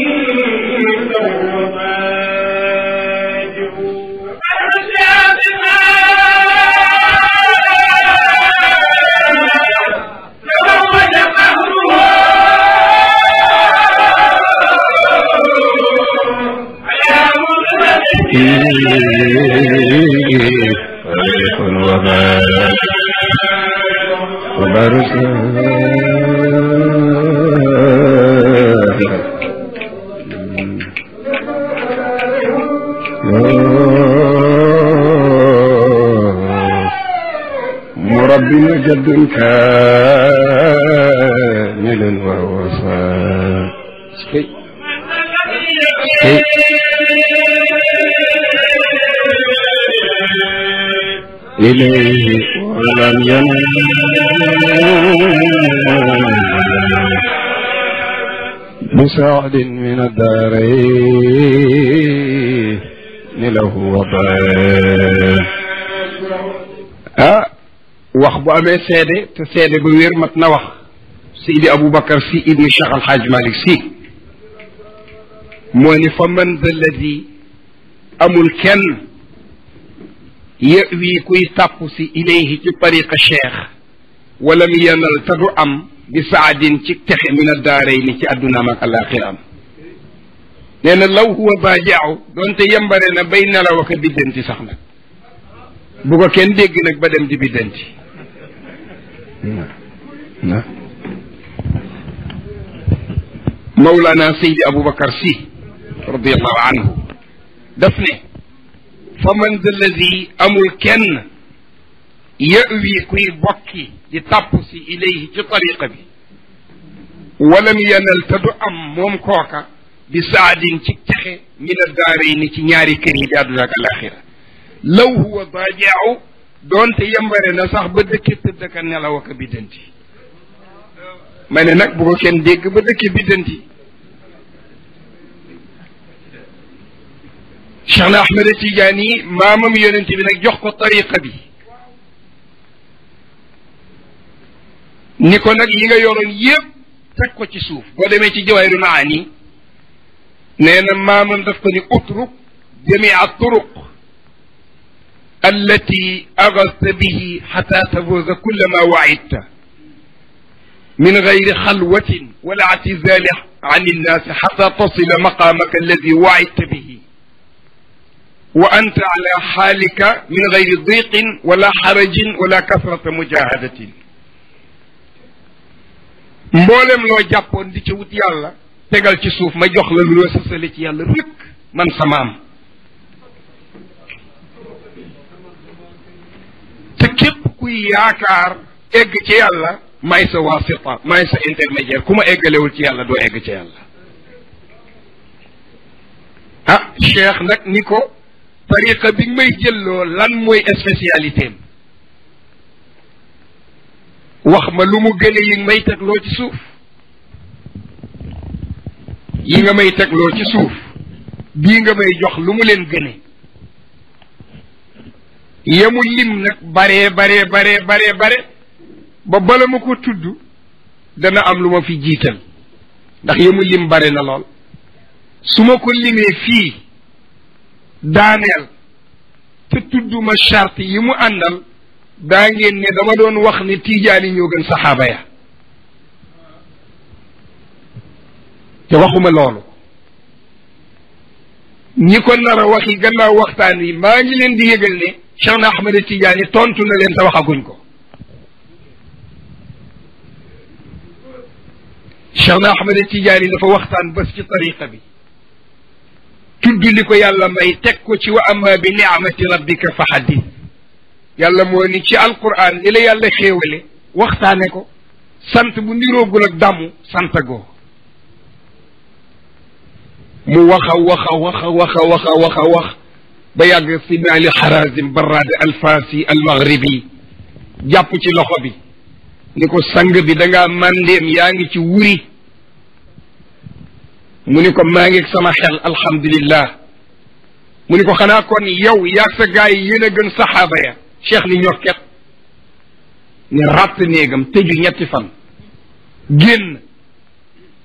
مربي جد كامل ووفاء إليه بسعد من الدارين له وبال أه واخبو أمي سيدة تسيدة بوير متنوخ سيدي أبو بكر سيدي الشيخ الحاج مالك سي موني فمن ذا الذي أمو الكن yëwi kuy sàpp si ilayhi ci tariqa cheikh wala mu yenal te am bi saadin ci texe min a daaray ci addunaam ak alaxiraam nee na law huwa baajiaw doonte yembare na bay nelaw ak a biddanti sax nag bu ko kenn dégg nag ba dem di biddanti mawlana sayidi aboubacar si radiallahu anhu daf فمن ذا الذي امل كن يأوي كوي بكي لتبسي اليه كطريق بي ولم ينل تدعى موم كوكا بسعد تكتخي من الدارين تنياري كريم بعد ذاك الاخرة لو هو ضاجع دونت ينبري نصح بدك تدكن على وكبيدنتي ما نك بوكين ديك بدك بيدنتي شيخنا احمد تيجاني ما مم ينتي بنا جوخ الطريقه بي نيكو نك ييغا يورون ييب تك كو سي سوف بو ديمي معاني نينا ما مم داف اترك جميع الطرق التي اغثت به حتى تفوز كل ما وعدت من غير خلوه ولا اعتزال عن الناس حتى تصل مقامك الذي وعدت به وأنت على حالك من غير ضيق ولا حرج ولا كثرة مجاهدة مولم لو جابون دي چوت يالا تغل چسوف ما جوخ لن لو سسلت يالا رك من سمام تكيب كوي ياكار اگ يالا مايسا واسطة مايسا انترميجير كما اگ لول يالا دو اگ يالا ها آه، شيخ نك نيكو tariqa bi nga may jëlloo lan mooy spécialité am wax ma lu mu gën a yi may tegloo ci suuf yi nga may tegloo ci suuf bii nga may jox lu mu leen gëne yemul lim nag baree baree baree baree bare ba bala ma ko tudd dana am lu ma fi jiital ndax yemul lim bare na lool su ma ko limee fii daaneel te tudduma charte yi mu àndal daa ngeen ne dama doon wax ne tiijaan yi ñoo gën saxaaba ya te waxuma loolu ñi ko nar a waxi gannaaw waxtaan wi maa ngi leen di yëgal ne Cheikh na Ahmed Tidiane tontu na leen te waxaguñ ko Cheikh na Ahmed Tidiane dafa waxtaan bés ci tariqa bi tudd li ko yàlla may teg ko ci wa amma bi ni'mati rabbika fa xaddis yàlla moo ni ci alquran li la yàlla xéewale waxtaane ko sant bu niroogul ak damu santagoo mu waxa waxa waxa waxa waxa waxa wax ba yàgg si ali xarazim barraad alfaasi almaghribi jàpp ci loxo bi ni ko sang bi da ngaa màndeem yaa ngi ci wuri mu ni ko maa ngi sama xel alhamdulillah mu ni ko xanaa kon yow yaag sa gaay yi yéen a gën saxaaba ya cheikh ni ñokket ni ràtt néegam tëju ñetti fan génn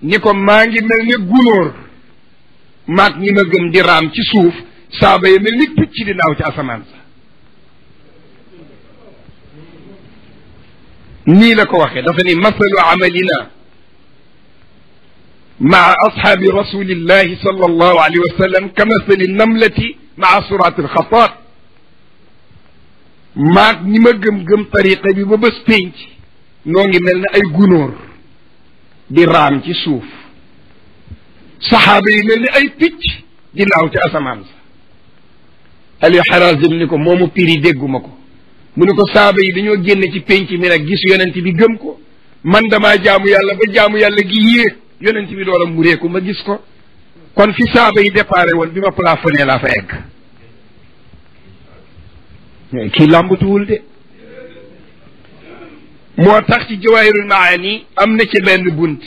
ni ko maa ngi mel ne gunóor maag ñi ma gëm di raam ci suuf saaba ya mel ni picc di naaw ci asamaan sa nii la ko waxee dafa ni masalu amalina مع أصحاب رسول الله صلى الله عليه وسلم كمثل النملة مع سرعة الخطار ما نيما گم گم طريق بي بو ملنا اي غنور دي رام صحابي ملنا اي بيتش دي ناو تي اسمان علي حراز بن نيكو مومو بيري ديغو مكو منوكو صحابي دي نيو جين تي بينج مي رك من دما جامو يالا با جامو يالا گي yonent bi loola mu réeku ma gis ko kon fi saaba yi déparé woon bi ma plafonné laa fa egg kii làmbatuwul de moo tax ci jawaahirul maani am na ci benn bunt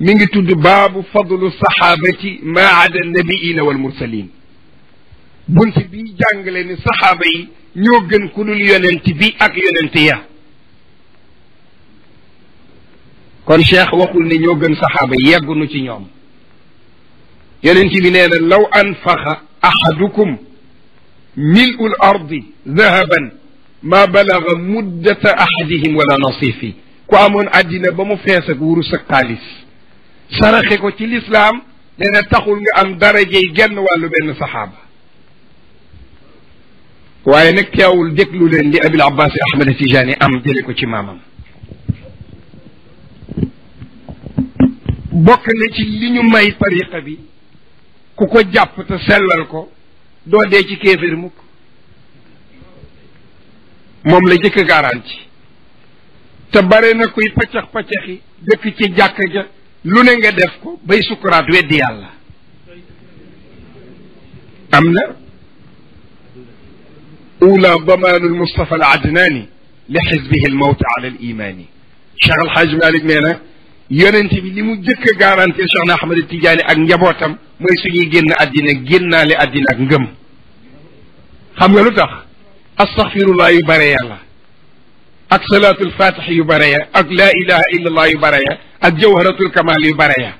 mi ngi tudd baabu fadlu sahabati ma ada nabiina wal mursalin bunt bi jàngale ni saxaaba yi ñoo gën ku dul yonent bi ak yonent ya kon cheikh waxul ni ñoo gën sahaba saxaaba nu ci ñoom ci bi neena law an anfaxa ahadukum ملء الأرض dhahaban ma balagha مدة ahadihim wala nasifi ku amoon àddina ba mu fees ak wuru sa xaalis saraxe ko ci lislaam nee taxul nga am darajey genn wàllu benn saxaaba waaye nag teewul déglu leen li abil abbas ahmad tijaani am jële ko ci maamam bokk na ci li ñu may tariqa bi ku ko jàpp te sellal ko doo dee ci kéeféer mukk moom la jëkk garanti te bare na kuy paccax-paccaxi dëkk ci jàkk ja lu ne nga def ko bay sukuraat weddi yàlla am na أولى ضمان المصطفى العدناني لحزبه الموت على الإيمان شيخ الحاج مالك مينا yonent bi li mu jëkk a garanté Soxna Ahmada Tidiane ak njabootam mooy suñuy génn àddina génnaale àddina ak ngëm xam nga lu tax astaxfirullah yu bare yàlla ak salaatul fatix yu bare ya ak laa ilaha illallah yu bare ya ak jawharatul kamal yu bare ya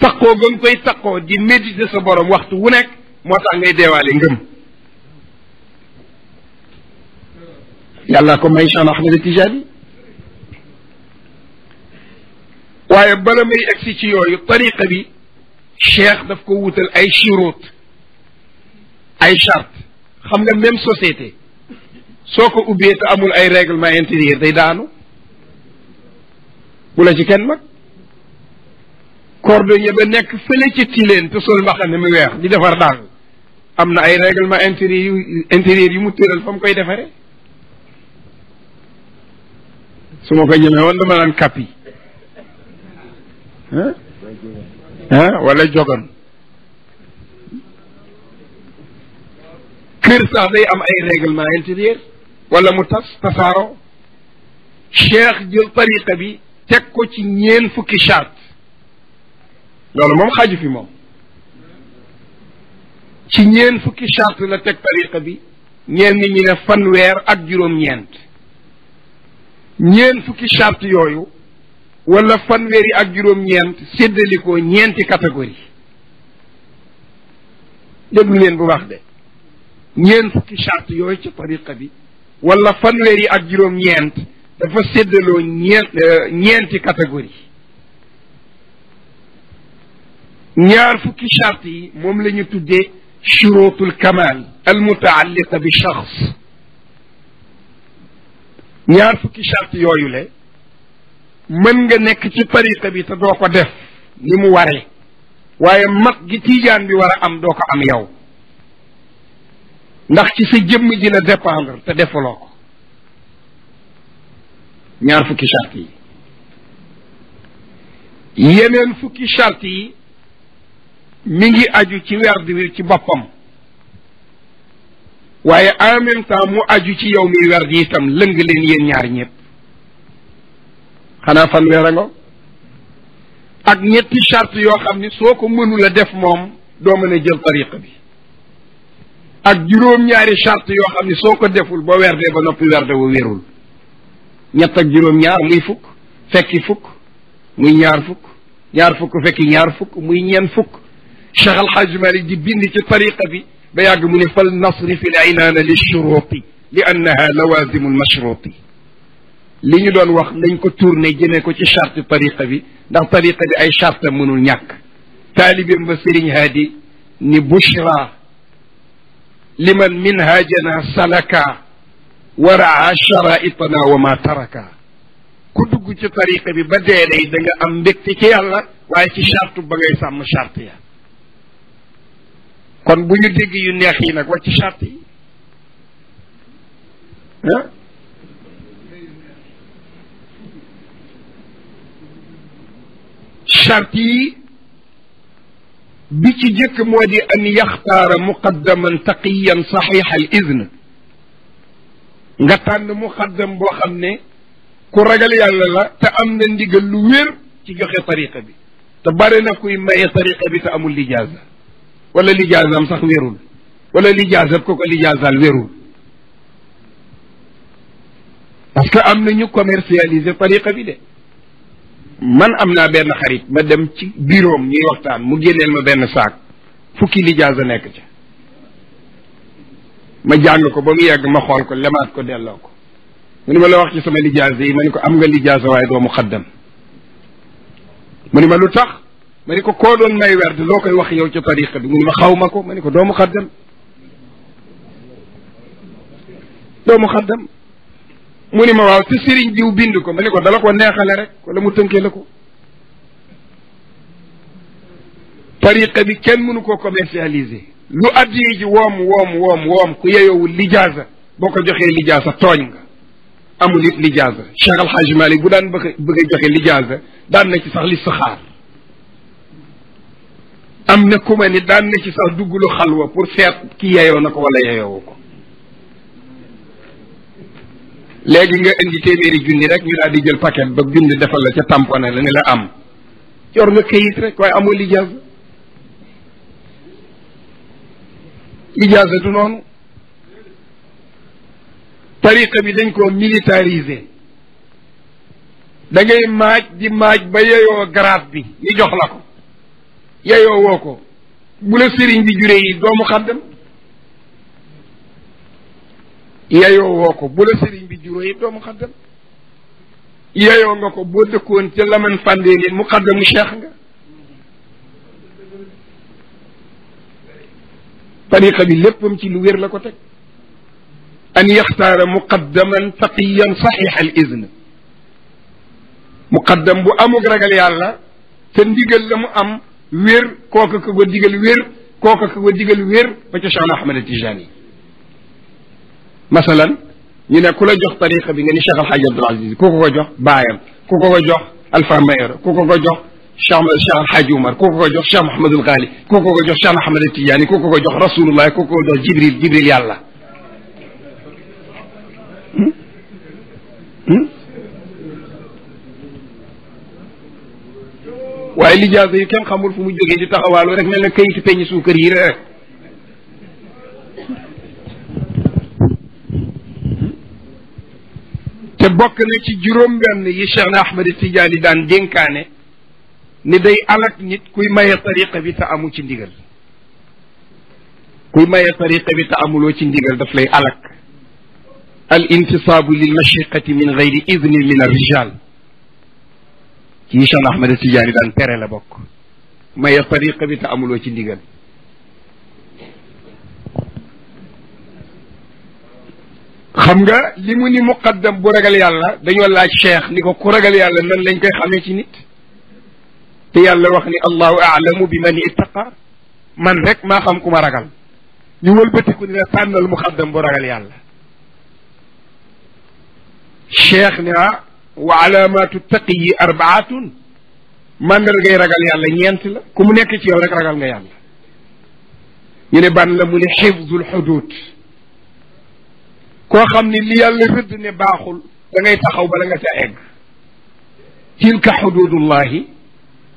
taqoo gën koy taqoo di méditer sa borom waxtu wu nekk moo tax ngay deewaale ngëm yàlla ko may Soxna Ahmada Tidiane waaye bala muy egsi ci yooyu tariqa bi cheikh daf ko wutal ay chirut ay charte xam nga même société soo ko ubbee te amul ay règlement intérieur day daanu bu ci kenn mag cordonier ba nekk fële ci tileen te sol mbaxane mi weex di defar daal am na ay règlement intérieur intérieur yu mu tëral fa mu koy defare su ma ko ñemee woon dama naan kappi wala jogan kër sax day am ay règlement intérieur wala mu tas tasaaro cheikh jël tariqa bi teg ko ci ñeen fukki chart loolu moom xaju fi moom ci ñeen fukki chart la teg tariqa bi ñeen nit ñi ne fanweer ak juróom-ñeent ñeen fukki chart yooyu wala fanweeri ak juróom-ñeent séddalikoo ñeenti catégorie déglu leen bu baax de ñeent fukki charte yooyu ci tariqa bi wala fanweeri ak juróom-ñeent dafa séddaloo ñeent ñeenti catégorie ñaar fukki charte yi moom la ñu tuddee shurutul kamal al mutaalliqa bi shaxs ñaar fukki charte yooyu le mën nga nekk ci tariqa bi te doo ko def ni mu waree waaye mat gi tiijaan bi war a am doo ko am yow ndax ci sa jëmm ji la dépendre te defaloo ko ñaar fukki charte yi yeneen fukki charte yi mu ngi aju ci werd wi ci boppam waaye en même temps mu aju ci yow mi werd itam lëng leen yéen ñaar ñëpp xanaa fanweer a ngo ak ñetti charte yoo xam ni soo ko mënul a def moom doo mën a jël tariq bi ak juróom-ñaari charte yoo xam ni soo ko deful ba werdee ba noppi werde wu wérul ñett ak juróom-ñaar muy fukk fekki fukk muy ñaar fukk ñaar fukk fekki ñaar fukk muy ñeen fukk cheikh alxaaj malik di bind ci tariqa bi ba yàgg mu ne fal nasri fi l inaana li shuruti li annaha lawazimu lmashruti li ñu doon wax nañ ko tourné jëmee ko ci charte tariqa bi ndax tariqa bi ay charte mënul ñàkk taalibim ba sëriñ haadi ni bushra liman minhajana salaka wa raa wa ma taraka ku dugg ci tariqa bi ba dee day da nga am mbégte ci yàlla waaye ba ngay sàmm charte ya kon bu ñu dégg yu neex yi nag wax ci charte yi شرطي بيتي جك مودي أن يختار مقدما تقيا صحيح الإذن nga tànn mu xaddam boo xam ne ku ragal yàlla la te am na ndigal lu wér ci joxe tariqa bi te bare na kuy maye tariqa bi te amul lijaasa wala lijaasam sax wérul wala lijaasab ko ko lijaasaal wérul parce que am na ñu commercialiser tariqa bi de man am naa benn xarit ma dem ci biiroom ñuy waxtaan mu génneel ma benn saak fukki lijaasa nekk ca ma jàng ko ba mu yàgg ma xool ko lemaat ko delloo ko mu ni ma la wax ci sama lijaasa yi ma ni ko am nga lijaasa waaye doo mu xaddam mu ni ma lu tax ma ni ko koo doon may werd loo koy wax yow ca tariqa bi mu ni ma xaw ma ko ma ni ko doo mu xaddam doo mu mu ne ma waaw te sëriñ diw bind ko ma ne ko dala ko neexale rek wala mu tënkee la ko tariqa bi kenn mënu ko commercialiser lu addiye ji woom woom woom ku yeyoowul lijaasa boo ko joxee lijaasa tooñ nga amul it lijaasa Cheikh Al Hadj bu daan bëgg bëgg joxe lijaasa daan na ci sax li saxaar am na ku ni daan na ci sax duggulu xalwa pour set ki yeyoo na ko wala yeyoowu ko léegi nga indi téeméeri junni rek ñu daal di jël paquet ba junni defal la ca tamponné la ne la am yor nga këyit rek waaye amoo lijaasa lijaasa du noonu tariqa bi dañ koo militariser da ngay maaj di maaj ba yeyoo grade bi ñu jox la ko yeyoo woo ko bu la sëriñ bi juree yi doomu xaddam yeyoo woo ko bu la sëriñ bi juróo it doo mu xaddam yeyoo nga ko boo dëkkoon ca laman fàndeenin mu xaddamu cheikh nga tariqa bi léppam ci lu wér la ko teg an yaxtaara muqaddaman taqiyan saxiix al izn muqaddam bu amug ragal yàlla te ndigal la mu am wér kooka ko ko digal wér kooka ko ko digal wér ba ca Cheikh Ahmad Tijani مثلا ني كولا جوخ طريقه بي ني شيخ الحاج عبد العزيز كوكو جوخ بايام كوكو جوخ الفا مير كوكو جوخ شام شام حاج عمر كوكو جوخ شام محمد الغالي كوكو جوخ شام احمد التياني كوكو جوخ رسول الله كوكو جوخ جبريل جبريل يالله واي لي جازي كان خمول فمو جوغي دي تاخوالو رك ملنا كيتي بيني سوكر يي رك te bokk na ci juróom benn yi Cheikh na Ahmed Tidiane daan dénkaane ni day alak nit kuy maye tariqa bi te amu ci ndigal kuy maya tariqa bi te amuloo ci ndigal daf lay alak al intisaabu lil mashiqati min gayri idni min arrijal ci Cheikh na Ahmed Tidiane daan tere la bokk maye tariqa amuloo ci ndigal xam nga li ni muqaddam bu ragal yàlla dañoo laaj cheikh ni ko ku ragal yàlla nan lañ koy xamee ci nit te yàlla wax ni allahu aalamu bi man ittaqa man rek maa xam ku ma ragal ñu wëlbatiku ni la tànnal muqaddam bu ragal yàlla cheikh ni ah wa alaamatu taqiyi arbaatun man mandargay ragal yàlla ñeent la ku mu nekk ci yow rek ragal nga yàlla ñu ne ban la mu ne xifzul xudud koo xam ni li yàlla rëdd ne baaxul da ngay taxaw bala nga ca egg tilka xududullahi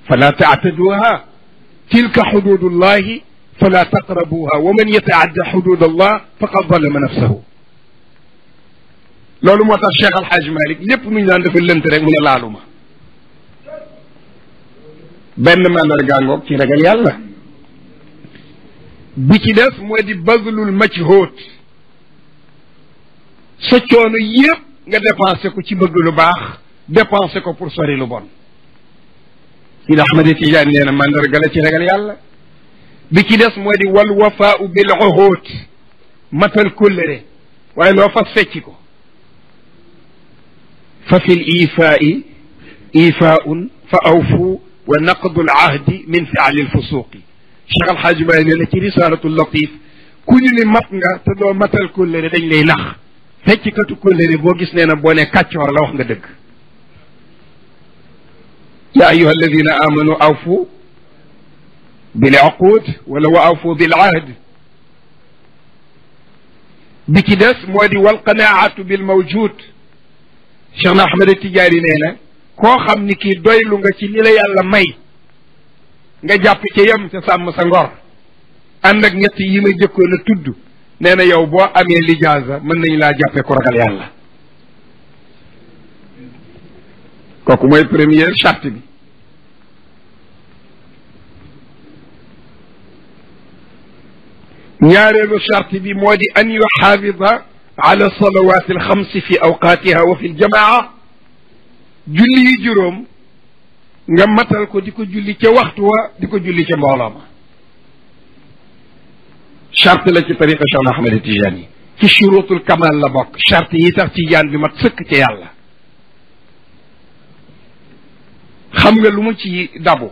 fala taataduha tilka xududullahi fala taqrabuha wa man yataadda xududallah faqad zalama nafsahu loolu moo tax cheikh alxaaj malik lépp nuñ naan dafa lënt rek mu ne laaluma benn mandarga ngoog ci ragal yàlla bi ci def moo di bazlul majhoot sa coono yépp nga dépensé ko ci bëgg lu baax dépensé ko pour sori lu bon Sidi Ahmad Tijaan nee na mandarga la ci ragal yàlla bi ci des mooy di wal wafaau bil uhuud matal kóllëre waaye loo fas fecci ko fa fi l ifaai ifaaun fa awfu wa naqdu l ahdi min fiali l fusuqi Cheikh Alxaaji Baay nee na ci risalatu latif ku ñu ni mat nga te doo matal kóllëre dañ lay nax fecckatu ko boo gis nee na boo ne kàccoor la wax nga dëgg ya ayuha alladina amanu awfu bil uqud wala wa awfu bil ahd bi ci des moo di wa qanaatu bil mawjud Cheikh na Ahmada Tijaani nee na koo xam ni kii doylu nga ci li la may nga jàpp ca yem ca sàmm sa ngor ànd ak ñett yi ma jëkkoon a tudd neena yow boo amee lijaasa mën nañ laa jàppe ko ragal yàlla kooku mooy première charte bi ñaareelu charte bi moo di an yuxaafida ala salawat alxamsi fi awqaatiha wa fi aljamaa julli yi juróom nga matal ko di ko julli ca waxtu wa di ko julli ca mbooloo ma شرط لا شي طريقه شيخ احمد التجاني في شروط الكمال لا بوك شرط يتاخ تي يان بما تسك تي يالا خمغا لوما تي دابو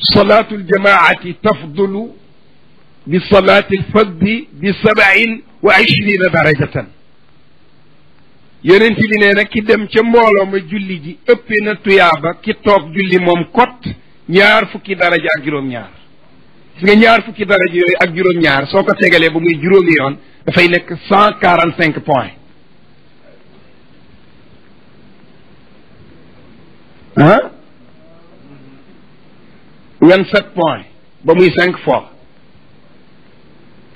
صلاة الجماعة تفضل بصلاة الفرد بسبع وعشرين درجة يرنتي لي نانا كي دم تي مولو ما جولي جي اوبينا تويابا كي توك جولي موم كوت نيار فوكي درجة جيروم نيار gis nga ñaar fukki daraja yooyu ak juróom-ñaar soo ko tegalee ba muy juróomi yoon dafay nekk cent quarante cinq points ah vingt ba muy cinq fois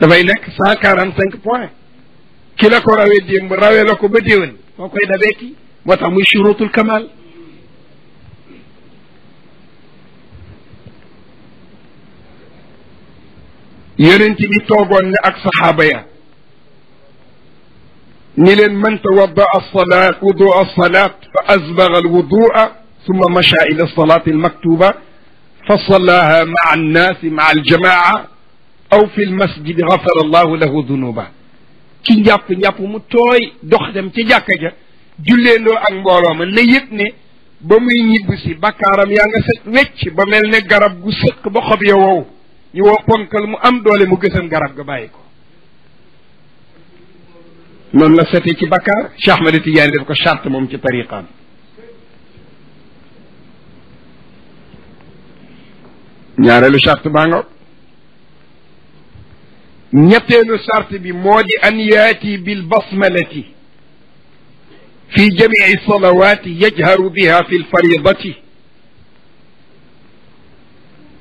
dafay nekk cent quarante cinq points ki la ko rawee démb rawee la ko ba déwén moo koy dabee moo tax muy churutul kamal yonent bi toogoon ne ak saxaaba ya ni leen man tawadda alsalat wudua alsalat fa asbaga alwudua summa masha ila alsalati almaktuba fa sallaha maa annaasi maa aljamaa aw fi lmasjidi gafara allahu lahu dunuba ci njàpp njàpp mu tooy dox dem ca jàkka ja julleendoo ak mbooloo ma na yëg ne ba muy ñibb si bakkaaram yaa nga set wecc ba mel ne garab gu sëq ba xob ya wow ñu wo ponkal mu am doole mu gësam garab ga bàyyi ko noonu la sete ci bakkaar Cheikh Ahmed Tidiane def ko charte moom ci tariqaam ñaareelu charte baa nga ñetteelu charte bi moo di an yaati bil basmalati fi jamii salawaati yajharu biha fi lfaridati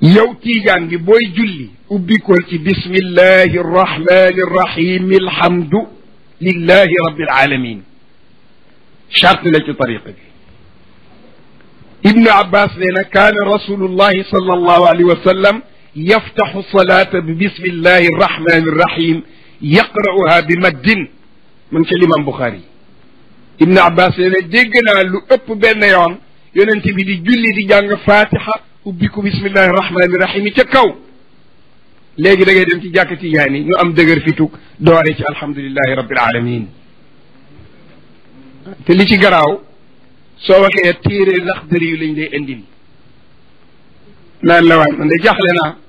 يو يوتي جانجي بوي جلي أبي كولتي بسم الله الرحمن الرحيم الحمد لله رب العالمين شرط لك طريقك ابن عباس لنا كان رسول الله صلى الله عليه وسلم يفتح الصلاة بسم الله الرحمن الرحيم يقرأها بمد من كلمة بخاري ابن عباس لنا دقنا لأب بين يون يوننتي بدي جلي دي جانج فاتحة ubbiku ko bismillahi rahmaani rahim ca kaw léegi da ngay dem ci jàkk tijaani ñu am dëgër fitu doore ci alhamdulillahi rabbil alamin te li ci garaaw soo waxee téere laxdari yu lañ lay indil naan la waay man de jaaxle naa